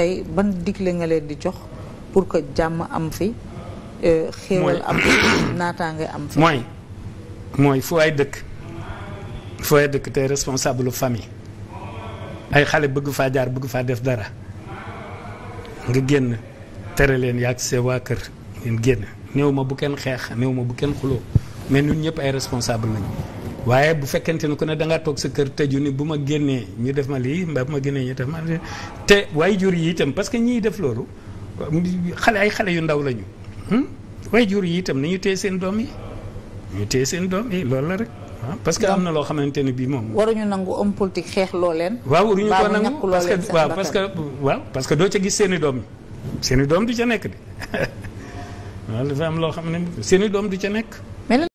tey ban digle nga leen di jox pour que jàmm am fi. Euh, xéewal am fi naataange am fi. mooy mooy fu ay dëkk fu ay dëkk tey responsable famille ay xale bëgg faa jaar bëgg faa def dara nga génn tere leen yàgg seen waa kër ngeen génn néew ma bu kenn xeex néew ma bu kenn xuloo mais ñun ñëpp ay responsable lañu. waaye bu fekkente ne ku ne da ngaa toog sa kër tëju ni bu ma génnee ñu def ma lii mbaa bu ma génnee ñu def ma te waaye jur yi itam parce que ñiy def loolu xale ay xale yu ndaw lañu hmm? waaye jur yi itam nañu téye seen doom yi ñu téye seen doom ah, parce que am na loo xamante ne bii moom. waruñu nangu homme politique xeex loo leen. waaw waruñu ko nangu parce waaw parce que waaw parce que doo ca gis seeni i doom yi seen i doom du ca nekk de waaw dafa am loo xam ne seen i doom du ca nekk.